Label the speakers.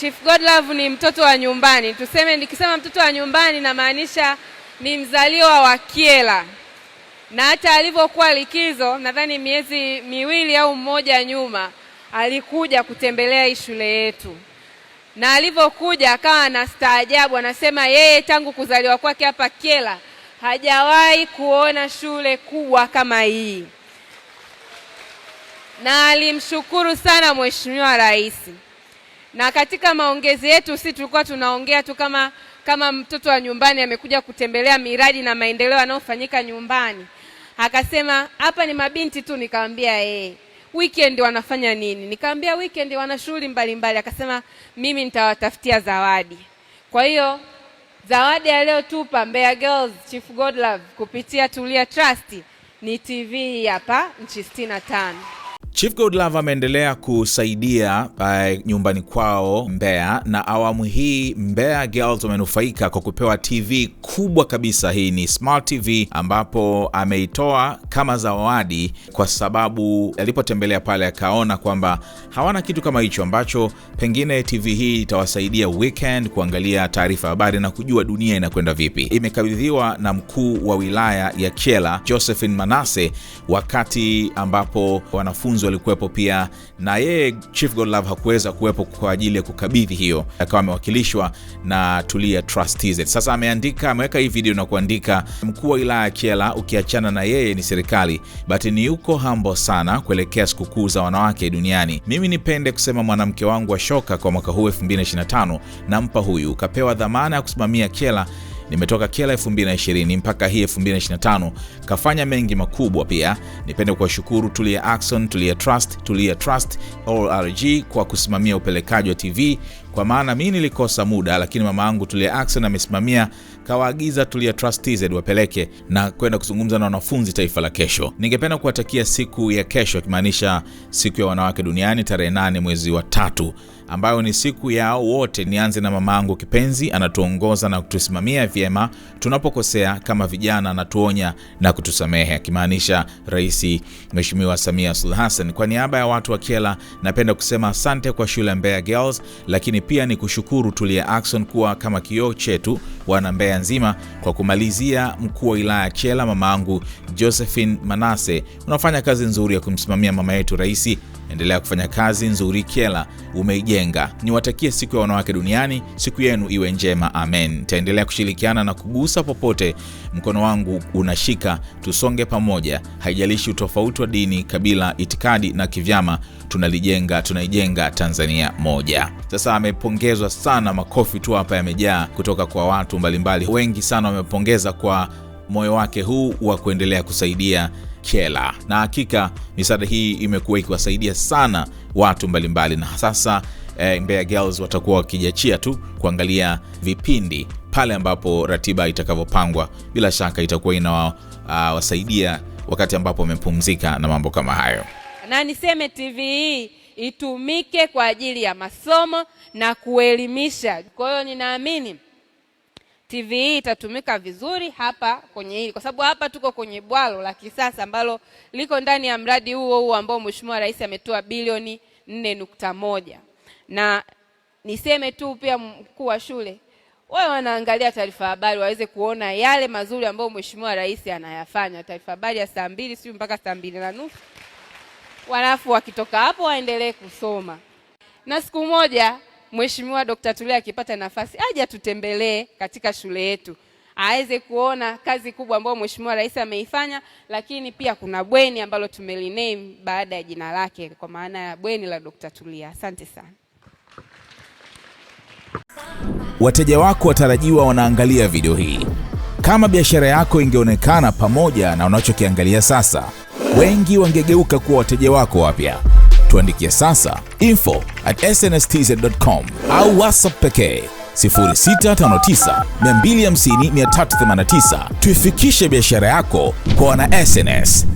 Speaker 1: Chief Godlove ni mtoto wa nyumbani. Tuseme, nikisema mtoto wa nyumbani namaanisha ni mzaliwa wa kiela na hata alivyokuwa likizo, nadhani miezi miwili au mmoja nyuma, alikuja kutembelea hii shule yetu, na alivyokuja akawa anastaajabu, anasema yeye tangu kuzaliwa kwake hapa kiela hajawahi kuona shule kubwa kama hii, na alimshukuru sana Mheshimiwa Rais na katika maongezi yetu si tulikuwa tunaongea tu kama kama mtoto wa nyumbani amekuja kutembelea miradi na maendeleo yanayofanyika nyumbani, akasema hapa ni mabinti tu. Nikamwambia eh, weekend wanafanya nini? Nikamwambia weekend wana shughuli mbalimbali. Akasema mimi nitawatafutia zawadi. Kwa hiyo zawadi tupa Mbeya Girls Chief Godlove kupitia Tulia Trust ni TV hapa nchi sitini na tano.
Speaker 2: Chief Godlove ameendelea kusaidia uh, nyumbani kwao Mbeya, na awamu hii Mbeya Girls wamenufaika kwa kupewa TV kubwa kabisa. Hii ni Smart TV ambapo ameitoa kama zawadi, kwa sababu alipotembelea pale akaona kwamba hawana kitu kama hicho ambacho pengine TV hii itawasaidia weekend kuangalia taarifa habari na kujua dunia inakwenda vipi. Imekabidhiwa na mkuu wa wilaya ya Kyela Josephine Manase wakati ambapo wanafunzi Mwabukusi walikuwepo pia, na yeye Chief Godlove hakuweza kuwepo kwa ajili ya kukabidhi hiyo, akawa amewakilishwa na Tulia Trustees. Sasa ameandika, ameweka hii video na kuandika, mkuu wa wilaya ya Kyela ukiachana na yeye ni serikali, but ni yuko hambo sana kuelekea sikukuu za wanawake duniani. Mimi nipende kusema mwanamke wangu wa shoka kwa mwaka huu 2025 nampa huyu, ukapewa dhamana ya kusimamia Kyela nimetoka Kela 2020 mpaka hii 2025, kafanya mengi makubwa. Pia nipende kuwashukuru Tulia axon Tulia Trust, Tulia Trust, ORG kwa kusimamia upelekaji wa TV kwa maana mi nilikosa muda, lakini mama angu Tulia Ackson amesimamia, kawaagiza Tulia Trust wapeleke na kwenda kuzungumza na wanafunzi taifa la kesho. Ningependa kuwatakia siku ya kesho, akimaanisha siku ya wanawake duniani tarehe nane mwezi wa tatu ambayo ni siku yao wote. Nianze na mama angu kipenzi, anatuongoza na kutusimamia vyema tunapokosea kama vijana, anatuonya na kutusamehe, akimaanisha Rais mweshimiwa Samia Suluhu Hassan. Kwa niaba ya watu wa Kyela napenda kusema asante kwa shule ya Mbeya Girls, lakini pia ni kushukuru Tulia Ackson kuwa kama kioo chetu wana Mbeya nzima. Kwa kumalizia, mkuu wa wilaya ya chela mamaangu Josephine Manase, unafanya kazi nzuri ya kumsimamia mama yetu rais. Endelea kufanya kazi nzuri, Kyela umeijenga. Niwatakie siku ya wanawake duniani, siku yenu iwe njema, amen. Taendelea kushirikiana na kugusa popote mkono wangu unashika, tusonge pamoja, haijalishi utofauti wa dini, kabila, itikadi na kivyama, tunalijenga, tunaijenga Tanzania moja. Sasa amepongezwa sana, makofi tu hapa yamejaa kutoka kwa watu watu mbalimbali wengi sana wamepongeza kwa moyo wake huu wa kuendelea kusaidia Kela, na hakika misaada hii imekuwa ikiwasaidia sana watu mbalimbali mbali. Na sasa eh, Mbeya Girls watakuwa wakijiachia tu kuangalia vipindi pale ambapo ratiba itakavyopangwa, bila shaka itakuwa inawasaidia ah, wakati ambapo wamepumzika na mambo kama hayo,
Speaker 1: na niseme TV hii itumike kwa ajili ya masomo na kuelimisha. Kwa hiyo ninaamini TV itatumika vizuri hapa kwenye hili, kwa sababu hapa tuko kwenye bwalo la kisasa ambalo liko ndani ya mradi huo huo ambao Mheshimiwa Rais ametoa bilioni nne nukta moja. Na niseme tu pia, mkuu wa shule, wao wanaangalia taarifa habari waweze kuona yale mazuri ambayo Mheshimiwa Rais anayafanya. Taarifa habari ya saa mbili siyo mpaka saa mbili na nusu, walafu wakitoka hapo waendelee kusoma na siku moja Mheshimiwa Dr. Tulia akipata nafasi aje atutembelee katika shule yetu aweze kuona kazi kubwa ambayo Mheshimiwa Rais ameifanya, lakini pia kuna bweni ambalo tumeliname baada ya jina lake kwa maana ya bweni la Dr. Tulia. Asante sana.
Speaker 3: Wateja wako watarajiwa wanaangalia video hii. Kama biashara yako ingeonekana pamoja na unachokiangalia sasa, wengi wangegeuka kuwa wateja wako wapya tuandikie sasa info at snstz.com au whatsapp pekee 0659 250 Tuifikishe biashara yako kwa wana SNS.